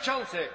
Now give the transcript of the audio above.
przewodniczący!